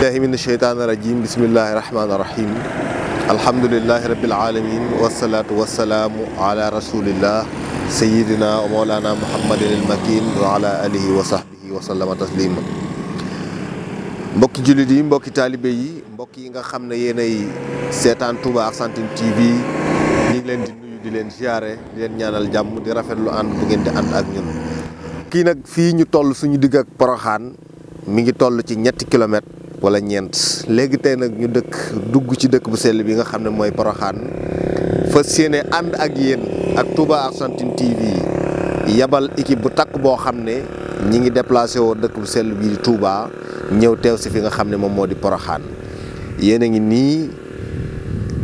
billahi min asheytaani rajim bismillahi rahmaani rahim alhamdulilahi rabil alamin wasalaatu wasalaamu ala rasulillah mbokki jullit yi mbokki taalibe yi mbokk yi nga xam ne yéenay seetaan Touba Argentine TV ni ngi leen di nuyu di leen ziare di leen ñaanal jàmm di rafetlu ànd bu ngeen di ànd ak ñun kii nag fii ñu toll suñu digg ak Poroxaan mu ngi toll ci ñetti kilomètres wala ñeent léegi tey nag ñu dëkk dugg ci dëkk bu sell bi nga xam ne mooy Poroxaan fa yéene ànd ak yéen ak Touba Argentine TV yabal équipe bu takk boo xam ne ñi ngi déplacé woo dëkk bu sell bi di ñëw teew si nga xam ne moom moo di Poroxaan yéen a ngi nii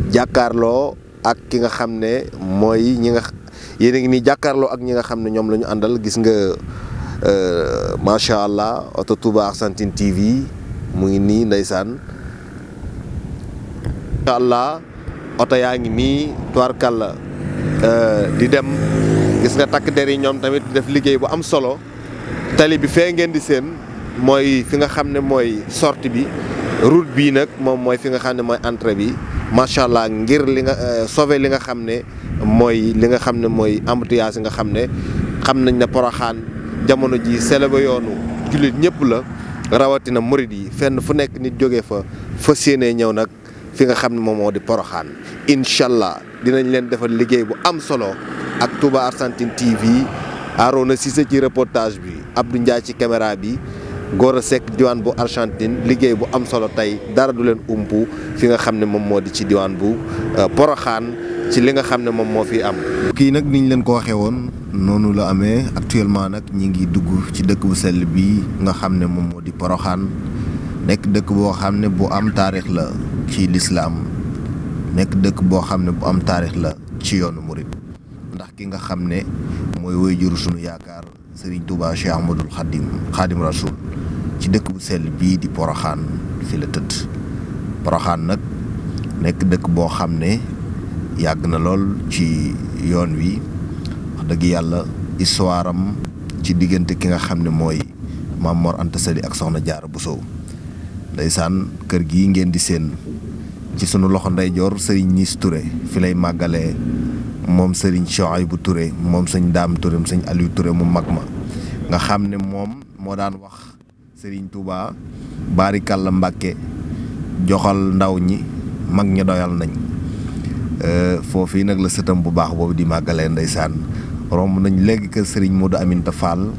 jàkkaarloo ak ki nga xam ne mooy ñi nga yéen a ngi nii jàkkaarloo ak ñi nga xam ne ñoom la ñu àndal gis nga euh, macha allah oto Touba Argentine TV. mu ngi nii ndeysaan incha allah oto yaa ngi nii tubaarkàlla euh, di dem gis nga takk der yi ñoom tamit def liggéey bu am solo tali bi fee ngeen di seen mooy fi nga xam ne mooy sortie bi route bii nag moom mooy fi nga xam ne mooy entrée bi macha allah ngir li nga euh, sauver li nga xam ne mooy li nga xam ne mooy embouteillage yi nga xam ne xam nañ ne Porokhane jamono ji selebe yoonu jullit ñëpp la rawatina murid yi fenn fu nekk nit jógee fa fa séenee ñëw nag fi nga xam ne moom moo di poroxaan incha allah dinañ leen defal liggéey bu am solo ak Touba Argentine TV Arona Cissé ci reportage bi Abdou Ndiaye ci caméra bi a Seck diwaan bu Argentine liggéey bu am solo tey dara du leen umpu fi nga xam ne moom moo di ci diwaan bu euh, poroxaan ci li nga xam ne moom moo fi am. kii nag niñ leen ko waxee woon. noonu la amee actuellement nag ñi ngi dugg ci dëkk bu sell bii nga xam ne moom moo di Poroxaan nekk dëkk boo xam ne bu am taarix la ci lislaam nekk dëkk boo xam ne bu am taarix la ci yoonu murit ndax ki nga xam ne mooy wayjur sunu yaakaar Serigne Touba Cheikh Ahmadoul Khadim Khadim Rasoul ci dëkk bu sell bii di Poroxaan fi la tëdd Poroxaan nag nekk dëkk boo xam ne yàgg na lool ci yoon wi dagg yàlla histoire am ci diggante ki nga xam ne mooy maam ant Anta ak soxna Jaara Buso ndeysaan kër gi ngeen di séen ci sunu loxo ndeyjoor sëriñ Niis ture fi lay màggalee moom sëriñ bu Touré moom sëñ Daam Touré sëñ Aliou Touré mu mag ma nga xam ne moom moo daan wax sëriñ Touba Barikàlla Mbàkke joxal ndaw ñi mag ñi doyal nañ euh, foofu nag la sëtam bu baax boobu di màggalee ndeysaan romb nañ léegi kër sëriñ Modou Aminta Fall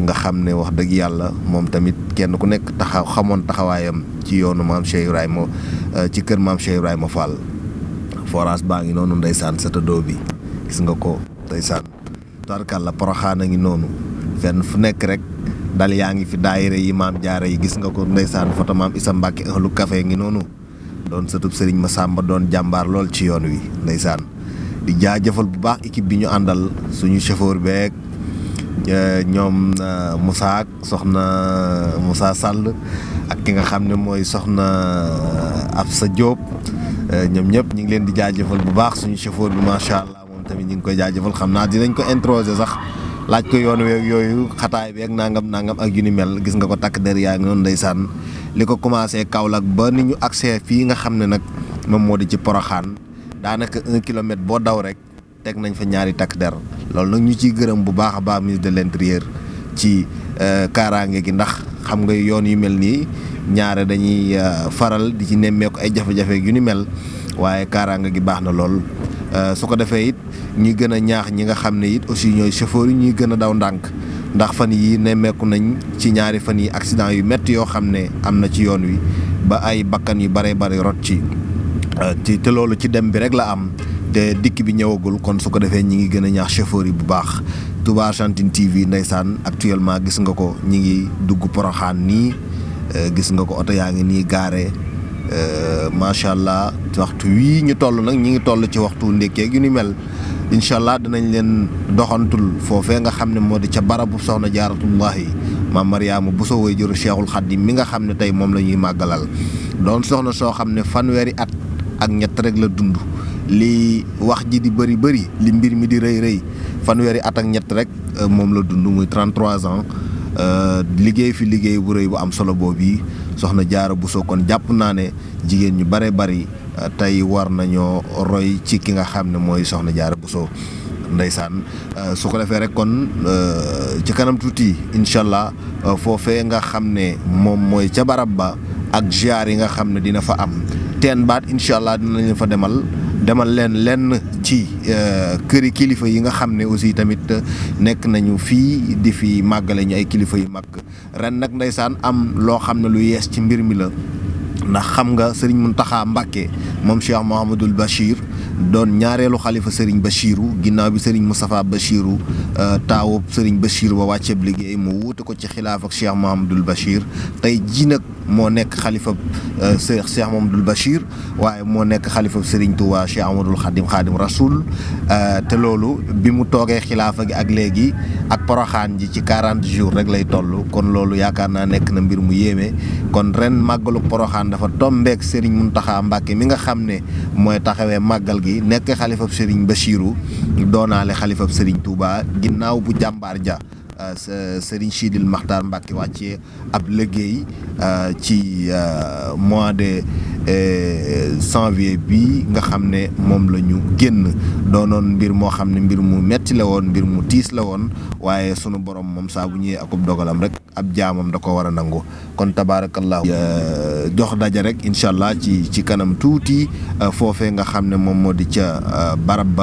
nga xam ne wax dëgg yàlla moom tamit kenn ku nekk taxaw xamoon taxawaayam ci yoonu maam Cheikh Ibrahima euh, ci kër maam Cheikh Ibrahima forage baa ngi noonu ndeysaan sa tëddoo bi gis nga ko ndeysaan tarkal la poroxaan a ngi noonu fenn fu nekk rek dal yaa ngi fi daayire yi maam jaare yi gis nga ko ndeysaan foto maam Isa Mbàkke ahlu kafe ngi noonu doon sëtub sëriñ ma sàmba doon jàmbaar lool ci yoon wi ndeysaan di jaajëfal bu baax équipe bi ñu àndal suñu chauffeur beeg e, ñoom e, Moussa ak soxna e, Moussa sàll ak ki nga xam ne mooy soxna sa Diop ñoom ñëpp ñu ngi leen di jaajëfal bu baax suñu chauffeur bi macha allah moom tamit ñu ngi koy jaajëfal xam naa dinañ ko introsé sax. laaj ko yoon week yooyu xataay beeg nangam nangam ak yu ni mel gis nga ko takk der yaa ngi noonu ndeysaan li ko commencé Kaolack ba ni ñu accès fii nga xam ne nag moom moo di ci Poroxaan daanaka un kilomètre boo daw rek teg nañ fa ñaari takk der loolu nag ñu ciy gërëm bu baax a baax ministre de l'intérieur ci euh, kaaraange gi ndax xam nga yoon yu mel nii ñaare dañuy euh, faral di ci nemmeeku ay jafe-jafe yu ni mel waaye kaaraange gi baax na lool euh, su ko defee it ñuy gën a ñaax ñi nga xam ne it aussi ñooy chauffeur yi ñuy gën a daw ndànk ndax fan yi nemmeeku nañ ci ñaari fan yi accident yu métti yoo xam ne am na ci yoon wi ba ay bakkan yu bare bare ci ci euh, te loolu ci dem bi rek la am te dikk bi ñëwagul kon su ko defee ñi ngi gën a ñaax chauffeur yi bu baax Touba Argentine TV ndeysaan actuellement gis nga ko ñi ngi dugg Poroxaan nii euh, gis nga ko oto yaa ngi nii gaare euh, macha allah waxtu wii ñu toll nag ñu ngi toll ci waxtu ndékkeeg yu ni mel incha allah dinañ leen doxantul foofe nga xam ne moo di ca barabu soxna yi jaaratullahi maam bu Bousso way juru Cheikhul Khadim mi nga xam ne tey moom la ñuy màggalal at ak ñett rek la dund li wax ji di bëri bëri li mbir mi di rëy rëy fanweeri at ak ñett rek euh, moom la dund muy 33 ans euh, liggéey fi liggéey bu rëy bu am solo boobu yi soxna Jaara Buso kon jàpp naa ne jigéen ñu bare bari euh, tey war nañoo roy ci ki nga xam ne mooy soxna Jaara Buso ndeysaan su ko defee rek kon ci kanam tuuti incha allah foofee nga xam ne moom mooy ca barab ba ak ziar yi nga xam ne dina fa am teen baat incha allah dinañ fa demal demal leen lenn ci euh, këri kilifa yi nga xam ne aussi tamit euh, nekk nañu fii di fi màggale ñu ay kilifa yu mag ren nag ndeysaan am loo xam ne lu yees ci mbir mi la ndax xam nga sëriñ Muntaxa Mbàkke moom Cheikh Mouhamadul Bachir doon ñaareelu xalifa Serigne Bachiru ginnaaw bi Serigne Moustapha Bachiru euh, taawub Serigne Bachiru ba wàcceeb liggéey mu wuute ko ci xilaaf ak Cheikh Mahamadul tey jii nag moo nekk xalifa euh, Cheikh Cheikh Mahamadul Bachir waaye moo nekk xalifa Serigne Touba Cheikh Amadul Xadim Xadim Rasoul euh, te loolu bi mu toogee xilaafa gi ak léegi ak poroxaan ji ci 40 jours rek lay toll kon loolu yaakaar naa nekk na mbir mu yéeme kon ren màggalu poroxaan dafa tombeek Serigne taxa Mbacké mi nga xam ne mooy taxawee màggal gi nekk xalifab sëriñ Bachirou doonaale xalifa sëriñ Touba ginnaaw bu jàmbaar ja Euh, sa Serigne Chidil Makhtar Mbacke wàccee ab liggéey euh, ci euh, mois de janvier bi nga xam ne moom la ñu génn doonoon mbir moo xam ne mbir mu metti la woon mbir mu tiis la woon waaye sunu borom moom saa bu ñëwee akub dogalam rek ab jaamam da ko war a nangu kon tabaarakallahu jox daja rek incha allah ci ci kanam tuuti foofee nga xam ne moom moo di ca barab ba